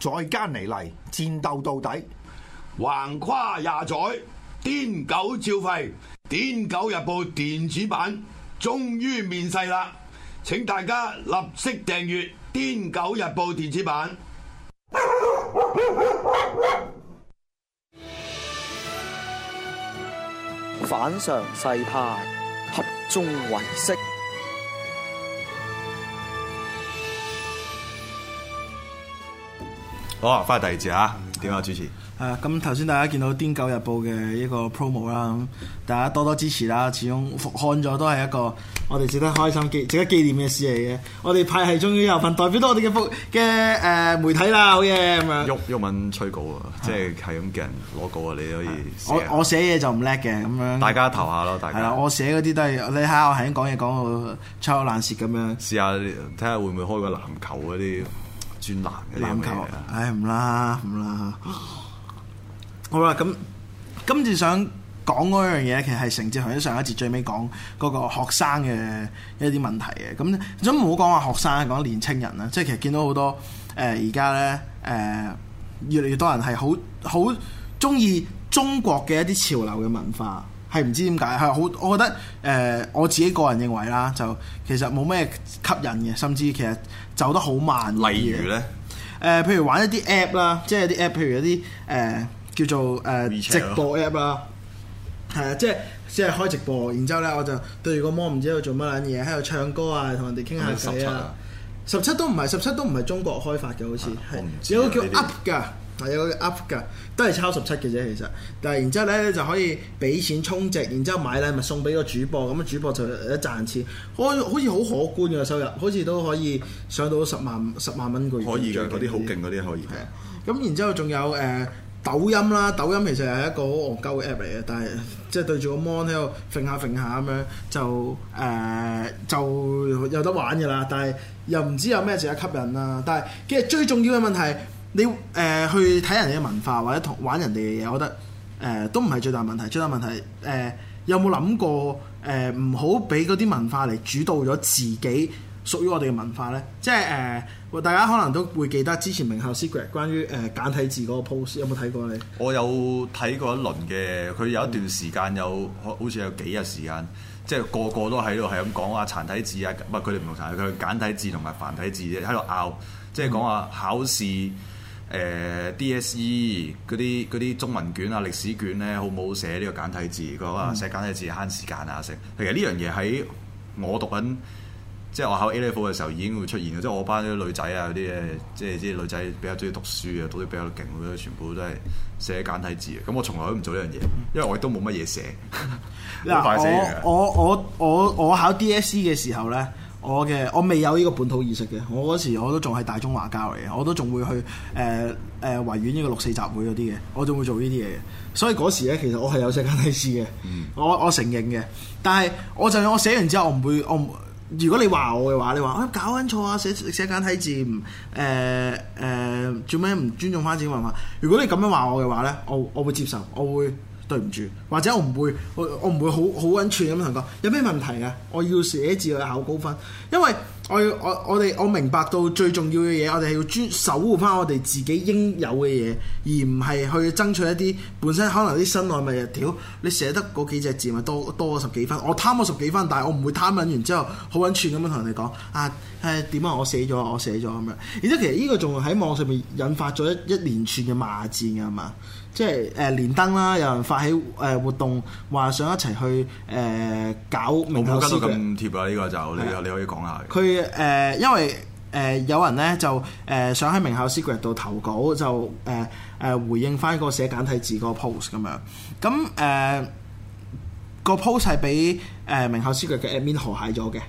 再艱泥嚟，戰鬥到底。橫跨廿載，癲狗照吠。癲狗日報電子版終於面世啦！請大家立即訂閱癲狗日報電子版。反常世態，合眾唯識。好，哦、啊，翻嚟第二節啊！點啊，主持？誒，咁頭先大家見到《癲狗日報》嘅一個 promo 啦，咁大家多多支持啦、啊。始終看咗都係一個我哋值得開心、記值得紀念嘅事嚟嘅。我哋派係終於有份代表到我哋嘅報嘅誒媒體啦，好嘢咁樣。鬱鬱文催稿啊，即係係咁嘅人攞稿啊，你可以、啊。我我寫嘢就唔叻嘅咁樣。大家投下咯，大家。係啦、啊，我寫嗰啲都係你睇下，我係咁講嘢講到粗口爛舌咁樣。試下睇下會唔會開個籃球嗰啲。嘅，籃球求，唉唔啦唔啦，好啦咁，今次想講嗰樣嘢，其實係承接喺上一節最尾講嗰個學生嘅一啲問題嘅，咁唔好講話學生，講年青人啦，即係其實見到好多誒而家呢，誒、呃，越嚟越多人係好好中意中國嘅一啲潮流嘅文化。係唔知點解，係好我覺得誒、呃、我自己個人認為啦，就其實冇咩吸引嘅，甚至其實走得好慢。例如咧，誒、呃、譬如玩一啲 app 啦，即係啲 app，譬如有啲誒叫做誒、呃、ch 直播 app 啦，係啊，即係即係開直播，然之後咧我就對住個屏幕唔知喺度做乜撚嘢，喺度唱歌啊，同人哋傾下偈啊。十七、啊、都唔係，十七都唔係中國開發嘅，好似係，即係的是叫 up 㗎。係有個 app 㗎，都係抄十七嘅啫，其實。但係然之後咧，就可以俾錢充值，然之後買禮物送俾個主播，咁啊主播就有得賺錢。好似好可觀嘅收入，好似都可以上到十萬十萬蚊個月。可以㗎，嗰啲好勁嗰啲可以。咁然之後仲有誒、呃、抖音啦，抖音其實係一個好戇鳩嘅 app 嚟嘅，但係即係對住個 mon 喺度揈下揈下咁樣，就、呃、誒就有得玩㗎啦。但係又唔知有咩值得吸引啦。但係其實最重要嘅問題。你誒、呃、去睇人哋嘅文化或者同玩人哋嘅嘢，我覺得誒、呃、都唔係最大問題。最大問題誒、呃、有冇諗過誒唔、呃、好俾嗰啲文化嚟主導咗自己屬於我哋嘅文化呢？即係誒、呃、大家可能都會記得之前名校 secret 關於、呃、簡體字嗰個 post，有冇睇過你？我有睇過一輪嘅，佢有一段時間有好似有幾日時間，即係個個都喺度係咁講啊殘體字啊，唔係佢哋唔同殘體，佢簡體字同埋繁體字喺度拗即係講話考試。嗯誒 DSE 嗰啲啲中文卷啊歷史卷咧，好冇好寫呢個簡體字，佢話、嗯、寫簡體字慳時間啊成。其實呢樣嘢喺我讀緊即係我考 A Level 嘅時候已經會出現嘅，即係我班啲女仔啊啲誒，即係即係女仔比較中意讀書啊讀得比較勁，佢哋全部都係寫簡體字。咁我從來都唔做呢樣嘢，因為我亦都冇乜嘢寫。嗱、嗯、 我我我我，我考 DSE 嘅時候咧。我嘅我未有呢個本土意識嘅，我嗰時我都仲係大中華教嚟嘅，我都仲會去誒誒維園呢個六四集會嗰啲嘅，我仲會做呢啲嘢嘅，所以嗰時咧，其實我係有寫簡體字嘅，我我承認嘅。但係我就我寫完之後我，我唔會我唔如果你話我嘅話，你話我、哎、搞緊錯啊，寫寫簡體字唔誒做咩唔尊重翻自己文化？如果你咁樣我話我嘅話咧，我我會接受，我會。對唔住，或者我唔會，我我唔會好好揾串咁樣同人講。有咩問題啊？我要寫字去考高分，因為我要我我哋我明白到最重要嘅嘢，我哋係要專守護翻我哋自己應有嘅嘢，而唔係去爭取一啲本身可能啲新內物。條你寫得嗰幾隻字咪多多咗十幾分，我貪咗十幾分，但係我唔會貪揾完之後好揾串咁樣同人哋講啊誒點啊？我寫咗，我寫咗咁樣。而且其實呢個仲喺網上面引發咗一,一連串嘅罵戰嘅係嘛？即係誒連登啦，有人發起誒活動，話想一齊去誒、呃、搞名校 secret，冇冇咁貼啊？呢、呢個就你你可以講下佢誒、呃、因為誒、呃、有人咧就誒、呃、想喺名校 secret 度投稿，就誒誒、呃、回應翻個寫簡體字個 post 咁樣。咁誒、呃個 post 係俾誒名校 secret 嘅 admin 河蟹咗嘅，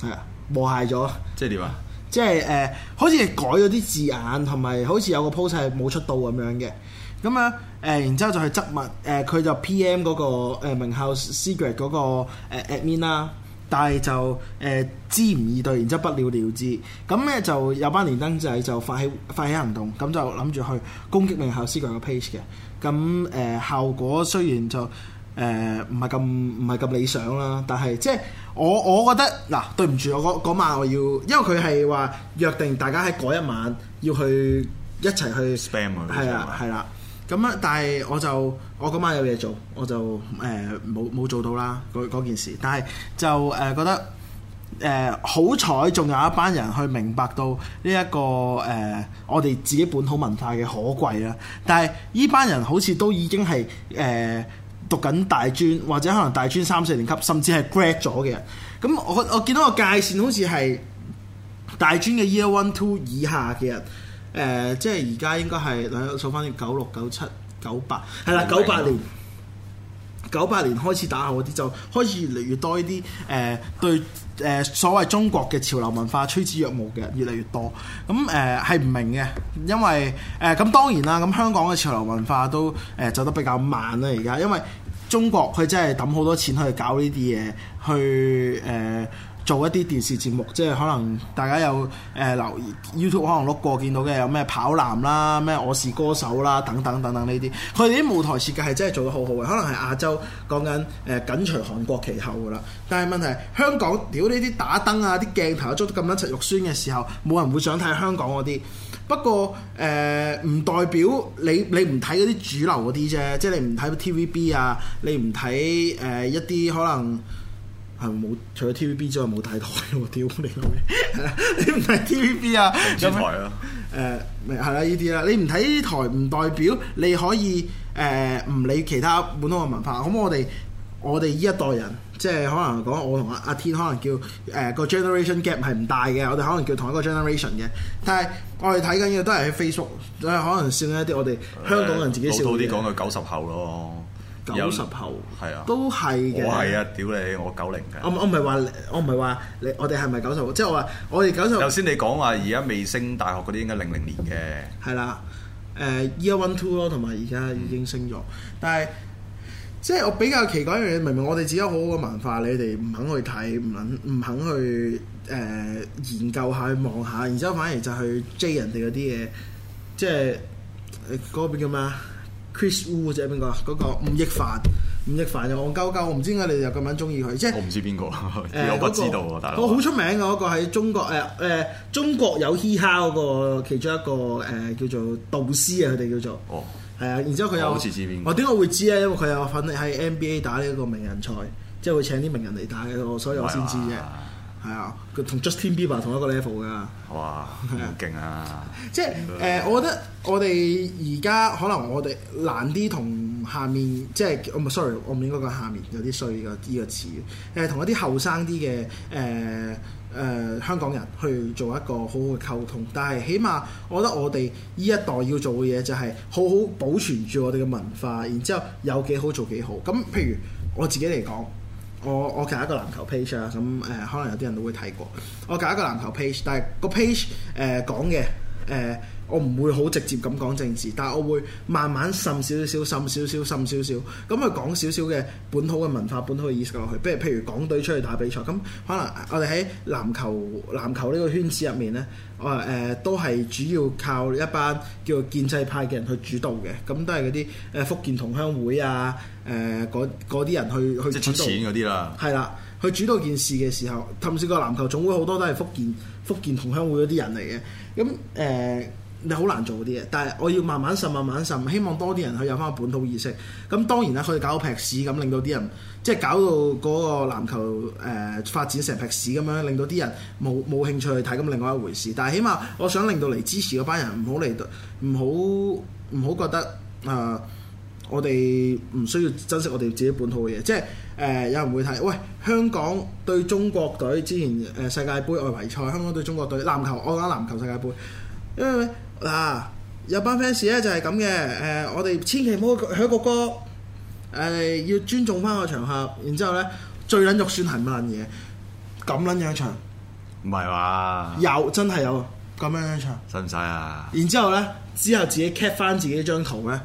係啊，河蟹咗。即係點啊？即係誒、呃，好似改咗啲字眼，同埋好似有個 post 係冇出到咁樣嘅。咁啊，誒、嗯，然之後就去質問，誒、呃，佢就 P.M. 嗰、那個、呃、名校 secret 嗰、那個、呃、admin 啦、啊，但係就誒、呃、知唔易對，然之後不了了之。咁、嗯、咧就有班連登仔就發起發起行動，咁、嗯、就諗住去攻擊名校 secret 個 page 嘅。咁、嗯、誒、呃、效果雖然就誒唔係咁唔係咁理想啦，但係即係我我覺得嗱、啊，對唔住我嗰晚我要，因為佢係話約定大家喺嗰一晚要去一齊去 spam 啊，係啊係啦。咁啊！但係我就我今晚有嘢做，我就誒冇冇做到啦嗰件事。但係就誒、呃、覺得誒好彩，仲、呃、有一班人去明白到呢、這、一個誒、呃、我哋自己本土文化嘅可貴啦。但係依班人好似都已經係誒、呃、讀緊大專或者可能大專三四年級，甚至係 grad 咗嘅人。咁我我見到個界線好似係大專嘅 year one two 以下嘅人。誒、呃，即係而家應該係我哋數返，九六、九七、九八，係啦，九八年，九八年開始打後嗰啲，就開始越嚟越多呢啲誒對誒、呃、所謂中國嘅潮流文化趨之若鶩嘅，越嚟越多。咁誒係唔明嘅，因為誒咁、呃、當然啦，咁香港嘅潮流文化都誒、呃、走得比較慢啦，而家因為中國佢真係揼好多錢去搞呢啲嘢，去誒。呃做一啲電視節目，即係可能大家有誒留意、呃、YouTube 可能碌過，見到嘅有咩跑男啦、咩我是歌手啦等等等等呢啲，佢哋啲舞台設計係真係做得好好嘅，可能係亞洲講緊誒緊隨韓國其後嘅啦。但係問題香港，屌呢啲打燈啊、啲鏡頭捉得咁撚柒肉酸嘅時候，冇人會想睇香港嗰啲。不過誒，唔、呃、代表你你唔睇嗰啲主流嗰啲啫，即係你唔睇 TVB 啊，你唔睇誒一啲可能。係冇，除咗 TVB 之外冇睇台喎！屌 你老味，你唔睇 TVB 啊？轉台啊！誒，咪係啦，呢啲啦，你唔睇台唔代表你可以誒唔、呃、理其他本土嘅文化。咁我哋我哋呢一代人，嗯、即係可能講我同阿阿天可能叫誒、呃個 generation gap 係唔大嘅，我哋可能叫同一個 generation 嘅。但係我哋睇緊嘅都係喺 Facebook，即、呃、係可能算一啲我哋香港人自己老套啲講到九十後咯。九十後係、嗯、啊，都係嘅。我係啊，屌你！我九零嘅。我我唔係話，我唔係話，你我哋係咪九十後？即係我話，我哋九十後。頭先你講話而家未升大學嗰啲應該零零年嘅。係啦、啊，誒、呃、Year One Two 咯，同埋而家已經升咗、嗯。但係，即係我比較奇怪一樣嘢，明明我哋自己有好好嘅文化，你哋唔肯去睇，唔肯唔肯去誒、呃、研究下，去望下，然之後反而就去 J 人哋嗰啲嘢，即係嗰個叫咩啊？Chris Wu 啫，邊、那個啊？嗰個吳亦凡，吳亦凡，亦凡又憨鳩鳩，我唔知點解你哋又咁樣中意佢，啫？我唔知邊個，我不知道大佬，我好出名噶嗰、那個喺中國誒誒、呃呃，中國有嘻哈嗰個其中一個誒、呃、叫做導師啊，佢哋叫做哦，係啊、呃，然之後佢有我點解、哦、會知咧？因為佢有份喺 NBA 打呢個名人賽，即係會請啲名人嚟打嘅，所以我先知啫。係啊，佢同 Justin Bieber 同一個 level 㗎。哇，好勁 啊！ 即係誒、呃，我覺得我哋而家可能我哋難啲同下面，即係我唔係 sorry，我唔應該講下面有啲衰嘅呢個詞。誒、呃，同一啲後生啲嘅誒誒香港人去做一個好好嘅溝通。但係起碼我覺得我哋呢一代要做嘅嘢就係好好保存住我哋嘅文化，然之後有幾好做幾好。咁譬如我自己嚟講。我我搞一個籃球 page 啊，咁誒、呃、可能有啲人都會睇過。我搞一個籃球 page，但係個 page 誒、呃、講嘅誒。呃我唔會好直接咁講政治，但係我會慢慢滲少少、滲少少、滲少少，咁去講少少嘅本土嘅文化、本土嘅意識落去。譬如譬如港隊出去打比賽，咁可能我哋喺籃球籃球呢個圈子入面呢，我、呃、誒都係主要靠一班叫做建制派嘅人去主導嘅，咁都係嗰啲誒福建同鄉會啊，誒嗰啲人去去。即係出錢嗰啲啦。係啦，去主導，去主導件事嘅時候，甚至個籃球總會好多都係福建福建同鄉會嗰啲人嚟嘅，咁誒。呃你好難做啲嘢，但係我要慢慢滲、慢慢滲，希望多啲人去有翻個本土意識。咁、嗯、當然啦，佢搞一撇屎咁，令到啲人即係搞到嗰個籃球誒、呃、發展成劈屎咁樣，令到啲人冇冇興趣去睇，咁另外一回事。但係起碼我想令到嚟支持嗰班人唔好嚟，唔好唔好覺得誒、呃，我哋唔需要珍惜我哋自己本土嘅嘢。即係誒、呃，有人會睇，喂，香港對中國隊之前誒、呃、世界盃外圍賽，香港對中國隊籃球，我講籃球世界盃，因嗱、啊，有班 fans 咧就係咁嘅，誒、呃，我哋千祈唔好喺個歌誒、呃、要尊重翻個場合，然之後咧最撚肉酸係乜撚嘢？咁撚樣場，唔係話有真係有咁樣樣場。使唔使啊？然之後咧，之後自己 cap 翻自己張圖咧，誒、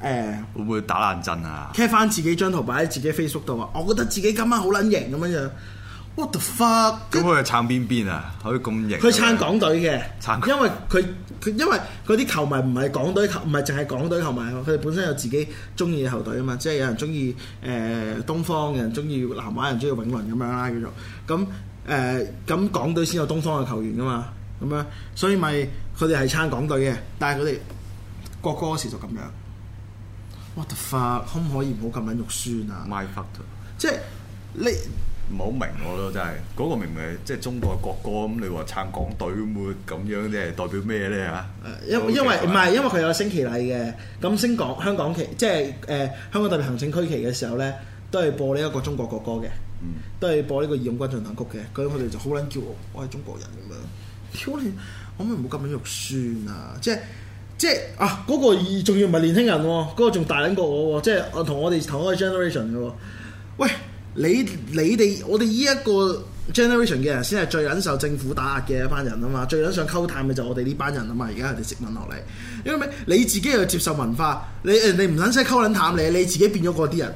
呃、會唔會打冷震啊？cap 翻自己張圖擺喺自己 Facebook 度啊，我覺得自己今晚好撚型咁樣樣。What the fuck？咁佢係撐邊邊啊？可以咁型？佢撐港隊嘅，因為佢佢因為嗰啲球迷唔係港隊球，唔係淨係港隊球迷，佢哋本身有自己中意嘅球隊啊嘛，即係有人中意誒東方嘅，人中意南華，人中意永倫咁樣啦叫做。咁誒咁港隊先有東方嘅球員噶嘛？咁樣，所以咪佢哋係撐港隊嘅，但係佢哋國歌時就咁樣。what the fuck？可唔可以唔好咁樣肉酸啊？My factor，即係你。唔好明我咯，真係嗰個明明即係中國國歌咁，你話撐港隊會咁樣，即係代表咩咧嚇？誒為，因因為唔係因為佢有升旗禮嘅，咁升港香港旗，即係誒、呃、香港特別行政區旗嘅時候咧，都係播呢一個中國國歌嘅，嗯、都係播呢個義勇軍進行曲嘅，咁佢哋就好撚叫我我係中國人咁、啊、樣，屌你可唔可以唔好咁樣肉酸啊？即係即係啊！嗰、那個仲要唔係年輕人喎、啊，嗰、那個仲大撚過我喎、啊，即係我同我哋同一個 generation 嘅喎、啊，喂！你你哋我哋依一個 generation 嘅人，先係最忍受政府打壓嘅一班人啊嘛，最忍想溝淡嘅就我哋呢班人啊嘛，而家佢哋殖民落嚟，因為咩？你自己又接受文化，你人哋唔撚使溝撚淡你，你自己變咗嗰啲人，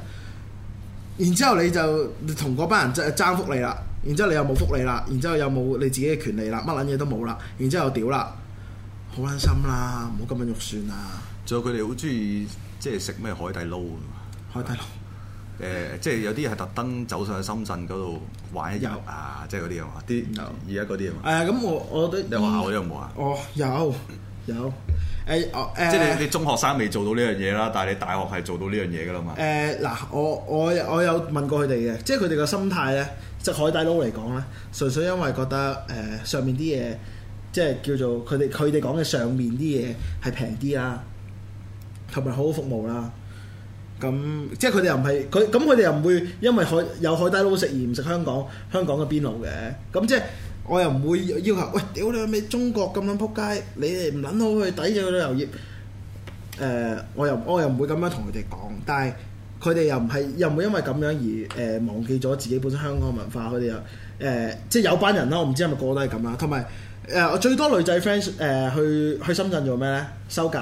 然之後你就同嗰班人爭福利啦，然之後你又冇福利啦，然之後又冇你自己嘅權利啦，乜撚嘢都冇啦，然之後屌啦，好撚心啦，唔好咁樣肉酸啦。仲有佢哋好中意即係食咩海底撈？海底撈。誒、呃，即係有啲係特登走上深圳嗰度玩一日，有啊，即係嗰啲係嘛？啲而家嗰啲啊嘛。誒、呃，咁我我覺得，你學校啲有冇啊？哦、嗯，有有誒誒。呃呃、即係你你中學生未做到呢樣嘢啦，但係你大學係做到呢樣嘢㗎啦嘛。誒嗱、呃，我我我有，我有問過佢哋嘅，即係佢哋個心態咧，即係海底撈嚟講咧，純粹因為覺得誒、呃、上面啲嘢，即係叫做佢哋佢哋講嘅上面啲嘢係平啲啊，同埋好好服務啦。咁即係佢哋又唔係佢咁，佢哋又唔會因為海有海底撈食而唔食香港香港嘅邊爐嘅。咁即係我又唔會要求，喂，屌你咪中國咁樣撲街，你哋唔撚好去抵嘅旅遊業。我又我又唔會咁樣同佢哋講，但係佢哋又唔係又唔會因為咁樣而誒、呃、忘記咗自己本身香港文化。佢哋又誒、呃、即係有班人啦，我唔知係咪個個都係咁啦。同埋誒最多女仔 friend 誒去去深圳做咩呢？收革。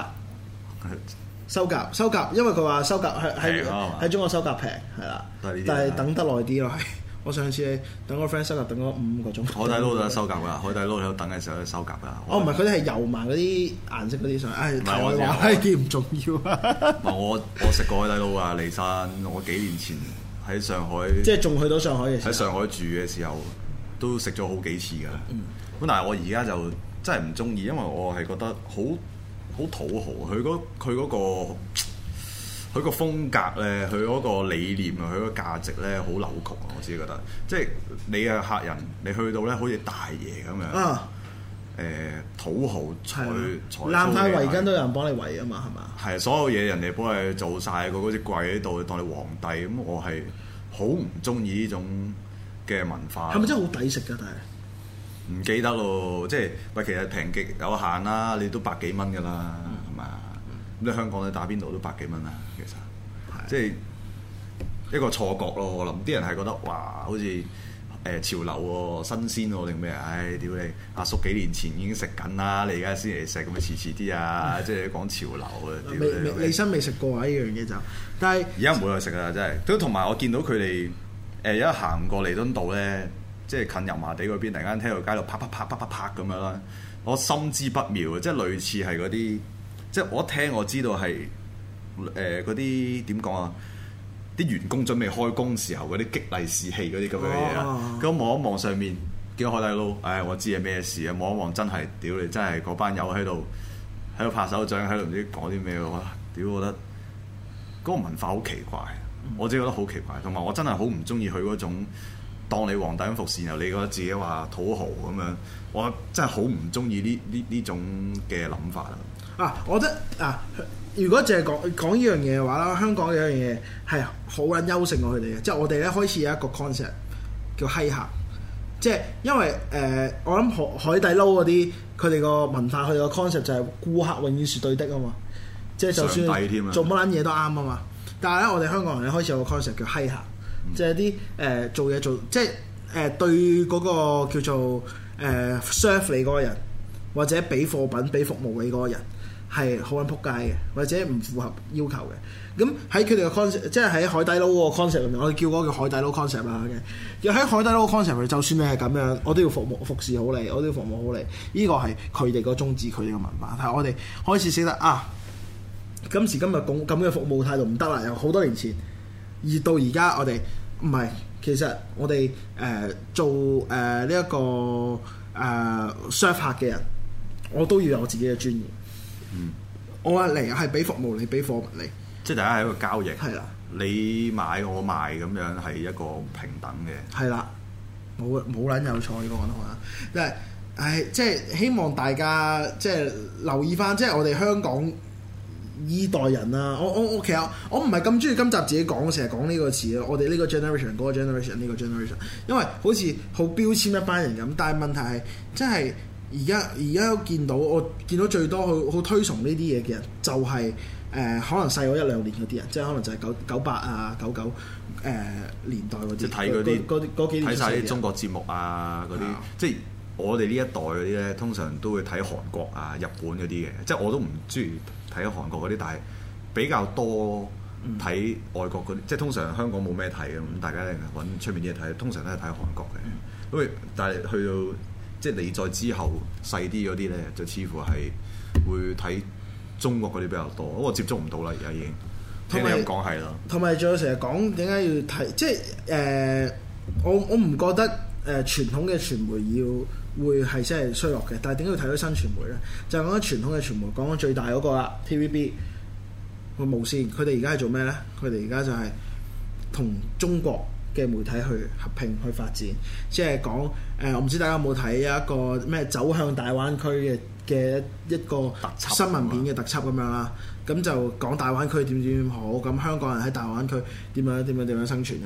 收夾收夾，因為佢話收夾喺喺喺中國收夾平，係啦，但係等得耐啲咯。係我上次等我 friend 收夾，等咗五個鐘。海底撈都收夾㗎，海底撈喺度等嘅時候有得收夾㗎。哦，唔係，佢哋係油埋嗰啲顏色嗰啲上，唉，台灣係幾唔重要啊！我我食過海底撈啊，離山我幾年前喺上海，即係仲去到上海嘅時喺上海住嘅時候都食咗好幾次㗎。嗯，咁但係我而家就真係唔鍾意，因為我係覺得好。好土豪，佢嗰佢嗰個佢個風格咧，佢嗰個理念啊，佢嗰價值咧，好扭曲啊！我自己覺得，即係你嘅客人，你去到咧，好似大爺咁樣啊，誒，土豪才、啊、才攬下圍巾都有人幫你圍啊嘛，係嘛？係所有嘢人哋幫你做晒，佢嗰隻櫃喺度當你皇帝咁，我係好唔中意呢種嘅文化。係咪真係好抵食㗎？但係。唔記得咯，即係喂，其實平極有限啦，你都百幾蚊噶啦，係咪啊？咁你香港你打邊度都百幾蚊啦，其實，即係一個錯覺咯。我諗啲人係覺得哇，好似誒潮流喎、新鮮喎定咩？唉，屌你，阿叔幾年前已經食緊啦，你而家先嚟食咁咪遲遲啲啊？即係講潮流嘅，屌你！李生未食過啊，依樣嘢就，但係而家唔會去食啦，真係都同埋我見到佢哋誒，一行過彌敦道咧。即係近油麻地嗰邊，突然間聽到街度啪啪啪啪啪啪咁樣啦，我心知不妙啊！即係類似係嗰啲，即係我一聽我知道係誒嗰啲點講啊？啲、呃呃、員工準備開工時候嗰啲激勵士氣嗰啲咁樣嘅嘢啊！咁望、哦、一望上面，見到海底撈，唉、哎，我知係咩事啊！望一望真係，屌你真係嗰班友喺度喺度拍手掌，喺度唔知講啲咩喎！哇，屌，我覺得嗰、那個文化好奇怪，我自己覺得好奇怪，同埋我真係好唔中意佢嗰種。當你皇帝服侍，然你覺得自己話土豪咁樣，我真係好唔中意呢呢呢種嘅諗法啊！啊，我覺得啊，如果淨係講講呢樣嘢嘅話啦，香港有樣嘢係好撚優勝過佢哋嘅，即係我哋咧開始有一個 concept 叫閪客，即係因為誒，我諗海底撈嗰啲佢哋個文化，佢個 concept 就係顧客永遠是對的啊嘛，即係就算做乜撚嘢都啱啊嘛，但係咧我哋香港人咧開始有個 concept 叫閪客。即係啲誒做嘢做，即係誒、呃、對嗰、嗰個叫做誒 serve、呃、你嗰個人，或者俾貨品俾服務你嗰個人係好撚仆街嘅，或者唔符合要求嘅。咁喺佢哋嘅 concept，即係喺海底撈 concept 入面，我哋叫嗰個叫海底撈 concept 啊嘅。要喺海底撈 concept 入面，就算你係咁樣，我都要服務服侍好你，我都要服務好你。呢、這個係佢哋個宗旨，佢哋嘅文化。但係我哋開始識得啊！今時今日咁咁嘅服務態度唔得啦，又好多年前。而到而家，我哋唔係，其實我哋誒、呃、做誒呢一個誒商、呃、客嘅人，我都要有自己嘅專業。嗯，我啊嚟係俾服務你，俾貨物你，即係大家係一個交易。係啦，你買我賣咁樣係一個平等嘅。係啦，冇冇撚有錯呢、呢個講得好，但係唉，即係希望大家即係留意翻，即係我哋香港。呢代人啊，我我我其實我唔係咁中意今集自己講，成日講呢個詞啊，我哋呢個 generation，嗰個 generation，呢個 generation，因為好似好標籤一班人咁，但係問題係真係而家而家見到我見到最多好好推崇呢啲嘢嘅人，就係、是、誒、呃、可能細我一兩年嗰啲人，即係可能就係九九八啊九九誒年代嗰啲，即係睇嗰啲嗰幾年，睇晒啲中國節目啊嗰啲，的即係。我哋呢一代嗰啲咧，通常都會睇韓國啊、日本嗰啲嘅，即係我都唔中意睇韓國嗰啲，但係比較多睇外國嗰啲，嗯、即係通常香港冇咩睇嘅，咁大家咧揾出面嘢睇，通常都係睇韓國嘅。因、嗯、但係去到即係你再之後細啲嗰啲咧，就似乎係會睇中國嗰啲比較多，不過接觸唔到啦，而家已經。聽你講係啦。同埋仲有成日講點解要睇，即係誒、呃、我我唔覺得誒、呃、傳統嘅傳媒要。會係真係衰落嘅，但係點解要睇到新傳媒咧？就講緊傳統嘅傳媒，講緊最大嗰個啦，TVB。個無線，佢哋而家係做咩咧？佢哋而家就係同中國，嘅媒體去合併去發展，即係講誒，我唔知大家有冇睇一個咩走向大灣區嘅嘅一個特寫 新聞片嘅特輯咁樣啦，咁、啊、就講大灣區點點點好，咁香港人喺大灣區點樣點樣點樣生存咁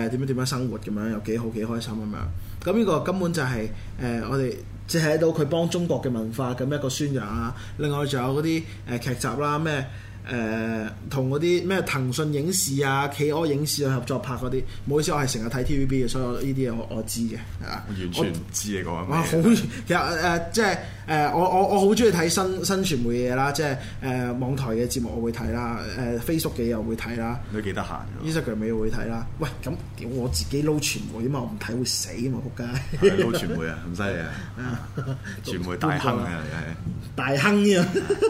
樣，誒點樣點樣生活咁樣又幾好幾開心咁樣，咁呢個根本就係、是、誒、呃、我哋即係睇到佢幫中國嘅文化咁一個宣揚啊。另外仲有嗰啲誒劇集啦咩？誒，同嗰啲咩騰訊影視啊、企鵝影視去、啊、合作拍嗰啲，唔好意思，我係成日睇 TVB 嘅，所以我呢啲嘢我我知嘅，係嘛？完全唔我知你講咩？我好，其實誒，即係。 誒、呃、我我我好中意睇新新傳媒嘅嘢啦，即係誒、呃、網台嘅節目我會睇啦，誒 Facebook 嘅又會睇啦。你幾得閒？Instagram、啊、咪會睇啦。喂，咁我自己撈傳媒啊嘛，唔睇會死啊嘛，仆街！撈傳媒啊，咁犀利啊！傳媒大亨啊，係大亨啊！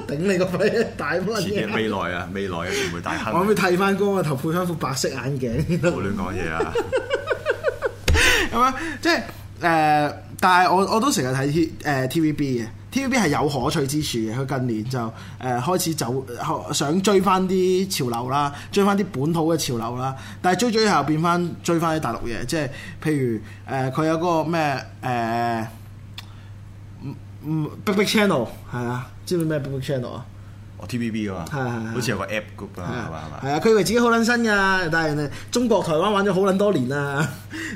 頂你個肺！大亨！未來啊，未來嘅傳媒大亨。我諗要剃翻光啊，頭配翻副白色眼鏡。冇亂講嘢啊！ 咁樣即係誒。呃但係我我都成日睇 T 誒 T V B 嘅，T V B 係有可取之處嘅。佢近年就誒、呃、開始走，想追翻啲潮流啦，追翻啲本土嘅潮流啦。但係追追下變翻追翻啲大陸嘢，即係譬如誒佢、呃、有嗰個咩誒唔唔、呃、Big Big Channel 係啊，知唔知咩 Big Big Channel 啊？B B Ch T.V.B. 啊嘛，的好似有個 App 咁啦，係嘛係嘛？係啊，佢以為自己好撚新噶，但係中國台灣玩咗好撚多年啦。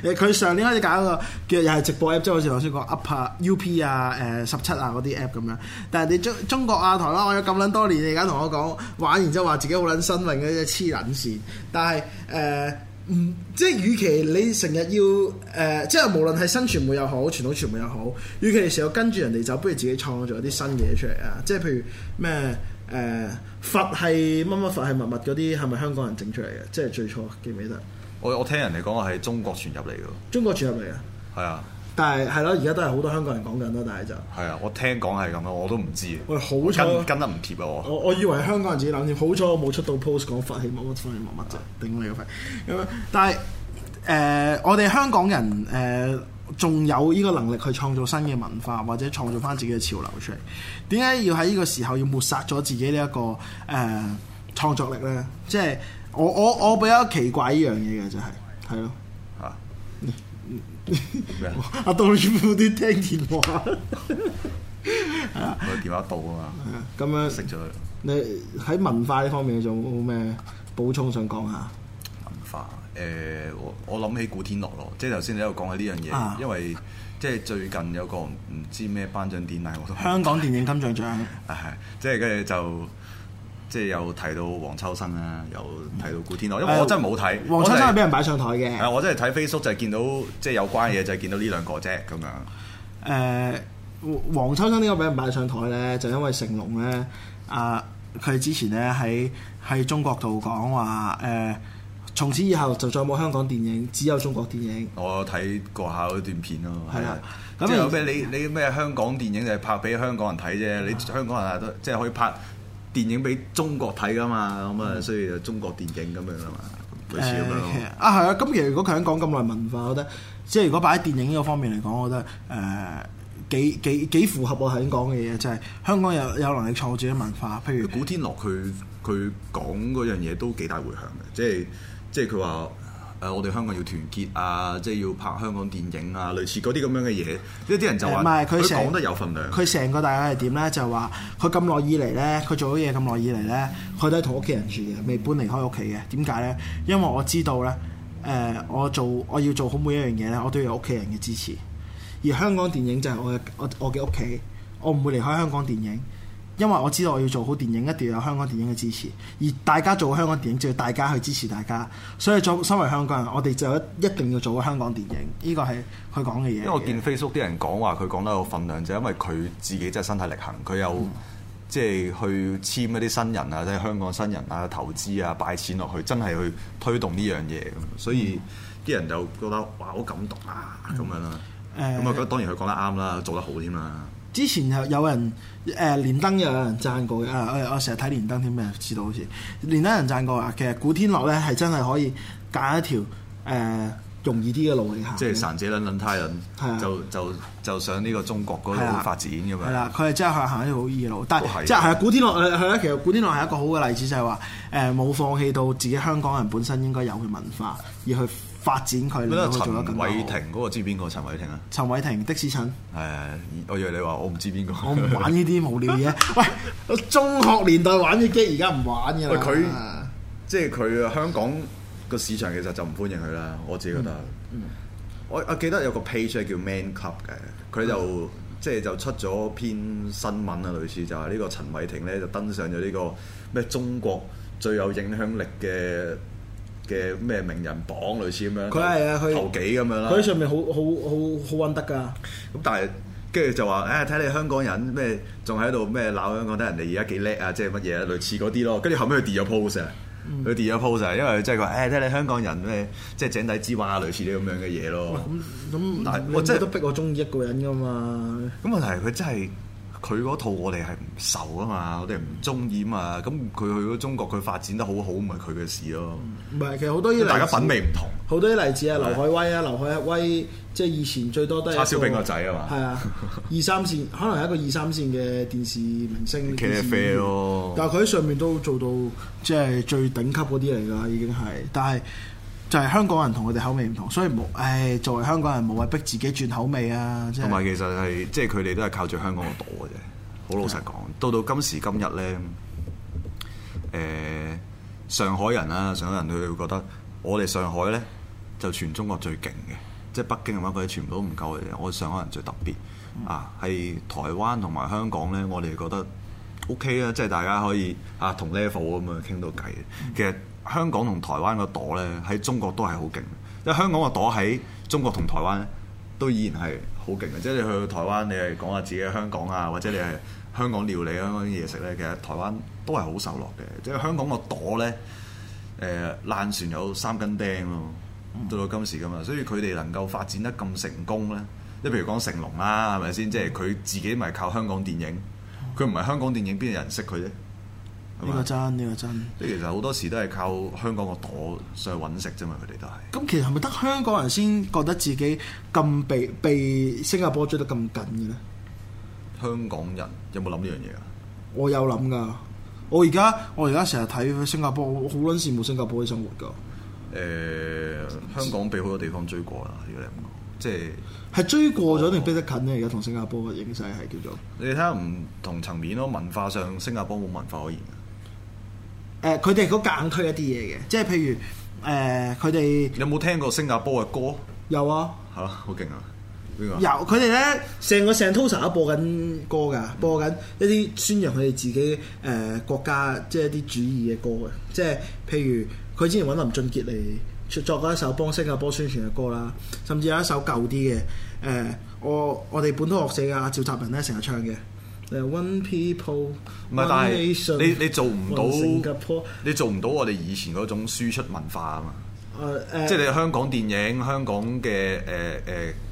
佢上年開始搞個，其實又係直播 App，即係好似頭先講 Up、U、P，啊、U.P. 啊、誒十七啊嗰啲 App 咁樣。但係你中中國啊、台灣玩咗咁撚多年，而家同我講玩完之後話自己好撚新，咪一隻黐撚線。但係誒，唔、呃、即係，與其你成日要誒、呃，即係無論係新傳媒又好，傳統傳媒又好，與其你成日跟住人哋走，不如自己創造啲新嘢出嚟啊！即係譬如咩？誒、呃、佛係乜乜佛係乜乜嗰啲係咪香港人整出嚟嘅？即係最初記唔記得？我我聽人哋講話係中國傳入嚟嘅。中國傳入嚟啊！係啊的，但係係咯，而家都係好多香港人講緊咯，但係就係啊，我聽講係咁咯，我都唔知。喂，好彩跟，跟得唔貼啊！我我，我以為香港人自己諗住，好彩我冇出到 post 講佛係乜乜佛係乜乜啫，頂你個肺咁。 但係誒、呃，我哋香港人誒。呃仲有呢個能力去創造新嘅文化，或者創造翻自己嘅潮流出嚟。點解要喺呢個時候要抹殺咗自己呢一個誒、呃、創作力呢？即係我我我比較奇怪依樣嘢嘅，就係係咯嚇。阿杜少啲聽電話啊！ 電話到啊嘛。咁樣食咗佢，你喺文化呢方面仲有冇咩補充想講下？文化。誒、呃、我我諗起古天樂咯，即係頭先你喺度講起呢樣嘢。啊、因為即係最近有個唔知咩頒獎典禮，我香港電影金像獎啊，即係跟住就即係有提到黃秋生啦，有提到古天樂，因為我真係冇睇黃秋生係俾人擺上台嘅，我真係睇 Facebook 就見到即係有關嘢就見到呢兩個啫咁樣。誒黃、呃、秋生呢個俾人擺上台咧，就因為成龍咧啊，佢、呃、之前咧喺喺中國度講話誒。呃從此以後就再冇香港電影，只有中國電影。我睇過下嗰段片咯。係啦吧，咁有咩吧你你咩香港電影就係拍俾香港人睇啫？吧你香港人啊都即係可以拍電影俾中國睇噶嘛？咁啊吧，所以就中國電影咁樣啦嘛，類似咁樣啊係、呃、啊，咁其、啊、如果佢香港咁耐文化，我覺得即係如果擺喺電影呢個方面嚟講，我覺得誒、呃、幾幾幾符合我係講嘅嘢，就係、是、香港有有能力創造嘅文化。譬如古天樂佢佢講嗰樣嘢都幾大迴響嘅，即係。即係佢話誒，我哋香港要團結啊！即係要拍香港電影啊，類似嗰啲咁樣嘅嘢。呢啲人就話，唔係，佢成、呃、講得有份量。佢成個大概係點呢？就話佢咁耐以嚟呢，佢做咗嘢咁耐以嚟呢，佢都係同屋企人住嘅，未搬離開屋企嘅。點解呢？因為我知道呢，誒、呃，我做我要做好每一樣嘢呢，我都要有屋企人嘅支持。而香港電影就係我嘅我我嘅屋企，我唔會離開香港電影。因為我知道我要做好電影，一定要有香港電影嘅支持。而大家做香港電影，就要大家去支持大家。所以作身為香港人，我哋就一定要做好香港電影。呢個係佢講嘅嘢。因為我見 Facebook 啲人講話，佢講得有份量，就是、因為佢自己真係身體力行，佢有即係、嗯、去簽一啲新人啊，即、就、係、是、香港新人啊，投資啊，擺錢落去，真係去推動呢樣嘢。咁所以啲、嗯、人就覺得哇，好感動啊咁、嗯、樣啦、啊。咁我覺得當然佢講得啱啦，做得好添、啊、啦。之前又有人誒、呃、連登又有人讚過嘅。啊我我成日睇連登添咩？知道好似連登人讚過啊。其實古天樂咧係真係可以揀一條誒、呃、容易啲嘅路嚟行，即係神借諗諗他人就的就，就就就上呢個中國嗰度發展咁樣。係啦，佢係真係行一條好易嘅路，但係即係係啊。古天樂係咧、呃，其實古天樂係一個好嘅例子，就係話誒冇放棄到自己香港人本身應該有嘅文化而去，發展佢。嗰個陳偉霆嗰個知邊個？陳偉霆啊？陳偉霆的士陳。係、哎、我以為你話我唔知邊個。我唔玩呢啲無聊嘢。 喂，我中學年代玩啲 game，而家唔玩㗎啦。佢即係佢香港個市場其實就唔歡迎佢啦。我自己覺得。嗯嗯、我我記得有個 page 係叫 Man Club 嘅，佢就即係、嗯、就，就出咗篇新聞啊，類似就係呢個陳偉霆咧就登上咗呢、呢個咩中國最有影響力嘅。嘅咩名人榜類似咁樣。佢係啊，佢頭幾咁樣啦，佢喺上面好好好好揾得噶。咁但係跟住就話誒，睇、哎、你香港人咩仲喺度咩鬧香港？睇人哋而家幾叻啊！即係乜嘢啊？類似嗰啲咯。跟住後尾佢 delete 咗 post 啊，佢 delete 咗 post 啊，因為佢即係話誒，睇、哎、你香港人咩即係井底之蛙類似啲咁樣嘅嘢咯。咁但係我真係都逼我中意一個人噶嘛。咁問題係佢真係。佢嗰套我哋係唔受啊嘛，我哋唔中意啊嘛，咁佢去咗中國佢發展得好好，唔係佢嘅事咯。唔係、嗯，其實好多啲大家品味唔同，好多啲例子啊，劉愷威啊，劉愷威即係以前最多都係叉燒炳個仔啊嘛。係啊，二三線 可能係一個二三線嘅電視明星。其 但係佢喺上面都做到即係最頂級嗰啲嚟㗎，已經係，但係。就係香港人同佢哋口味唔同，所以冇，唉，作為香港人冇謂逼自己轉口味啊！即係同埋其實係，即係佢哋都係靠住香港個度嘅啫。好老實講，是的 到到今時今日咧，誒、呃，上海人啊，上海人佢會覺得我哋上海咧就全中國最勁嘅。即係北京嘅話，佢哋全部都唔夠嘅。我哋上海人最特別、嗯、啊！喺台灣同埋香港咧，我哋覺得 OK 啊，即、就、係、是、大家可以啊同 level 咁樣傾到偈嘅。嗯、其實香港同台灣個朵呢，喺中國都係好勁。即係香港個朵喺中國同台灣都依然係好勁嘅。即係你去到台灣，你係講下自己香港啊，或者你係香港料理、香港啲嘢食呢，其實台灣都係好受落嘅。即係香港個朵呢，誒、呃，爛船有三根釘咯，到到、嗯、今時今日。所以佢哋能夠發展得咁成功呢，即係譬如講成龍啦，係咪先？即係佢自己咪靠香港電影，佢唔係香港電影邊有人識佢咧？呢個真，呢個真。即其實好多時都係靠香港個朵上去揾食啫嘛，佢哋都係。咁其實係咪得香港人先覺得自己咁被被新加坡追得咁緊嘅咧？香港人有冇諗呢樣嘢啊？我有諗㗎。我而家我而家成日睇新加坡，好撚羨慕新加坡嘅生活㗎。誒、呃，香港被好多地方追過啦。如果你咁講，即係係追過咗定係逼得近咧？而家同新加坡嘅形勢係叫做你睇下唔同層面咯。文化上，新加坡冇文化可言。誒佢哋都硬推一啲嘢嘅，即係譬如誒佢哋你有冇聽過新加坡嘅歌？有啊，嚇好勁啊，邊、啊啊、個？有佢哋咧，成個 Sentosa 都播緊歌㗎，播緊一啲宣揚佢哋自己誒、呃、國家即係一啲主義嘅歌嘅，即係譬如佢之前揾林俊傑嚟作作咗一首幫新加坡宣傳嘅歌啦，甚至有一首舊啲嘅誒，我我哋本土學社啊，阿趙澤文咧成日唱嘅。One People，唔係是，但係 one nation, 你你做唔到，你做唔到，到我哋以前嗰種輸出文化啊嘛。誒誒，即係香港電影、香港嘅誒誒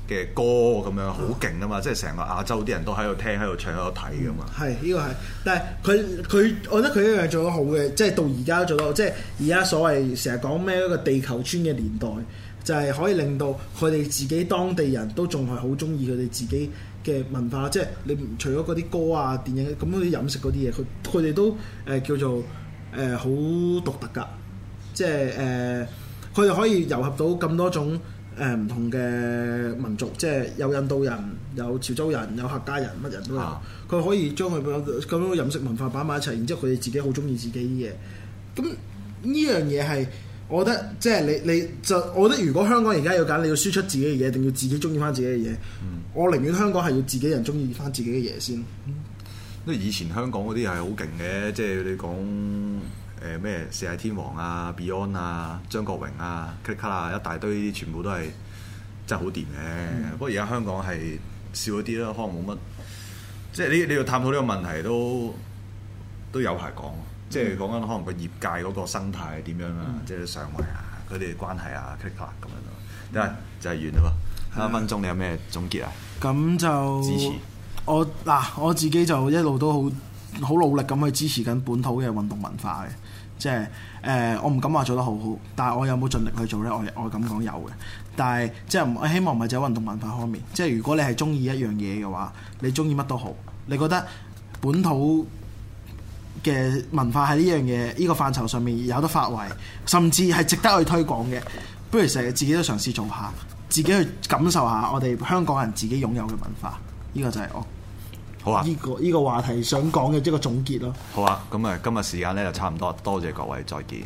嘅歌咁樣好勁啊嘛，即係成個亞洲啲人都喺度聽、喺度唱、喺度睇噶嘛。係，呢個係，但係佢佢，我覺得佢一樣做得好嘅，即係到而家都做得好。即係而家所謂成日講咩一個地球村嘅年代，就係、是、可以令到佢哋自己當地人都仲係好中意佢哋自己。嘅文化，即係你除咗嗰啲歌啊、電影咁嗰啲飲食嗰啲嘢，佢佢哋都誒、呃、叫做誒好、呃、獨特噶，即係誒佢哋可以糅合到咁多種誒唔、呃、同嘅民族，即係有印度人、有潮州人、有客家人乜人都有，佢、啊、可以將佢咁咁多飲食文化擺埋一齊，然之後佢哋自己好中意自己嘅嘢，咁呢樣嘢係。我覺得即係你，你就我覺得，如果香港而家要揀，你要輸出自己嘅嘢，定要自己中意翻自己嘅嘢？嗯、我寧願香港係要自己人中意翻自己嘅嘢先。嗯、因為以前香港嗰啲係好勁嘅，即係你講誒咩四大天王啊、Beyond 啊、張國榮啊、卡卡啊，一大堆全部都係真係好掂嘅。嗯、不過而家香港係少咗啲啦，可能冇乜。即係你你要探討呢個問題都都有排講。即係講緊可能個業界嗰個生態點樣啊？嗯、即係上位啊，佢哋關係啊，click 牌咁樣咯。得就係完啦喎！三分鐘你有咩總結啊？咁就支持我嗱、啊，我自己就一路都好，好努力咁去支持緊本土嘅運動文化嘅。即係誒，我唔敢話做得好好，但係我有冇盡力去做呢？我我咁講有嘅。但係即係我希望唔係就運動文化方面。即係如果你係中意一樣嘢嘅話，你中意乜都好，你覺得本土嘅文化喺，呢樣嘢，呢個範疇上面有得發圍，甚至係值得去推廣嘅。不如成日自己都嘗試做下，自己去感受下我哋香港人自己擁有嘅文化。呢、呢個就係、是、我、oh, 好啊。呢、呢個呢、呢個話題想講嘅一個總結咯。好啊，咁啊，今日時間咧就差唔多，多謝各位，再見。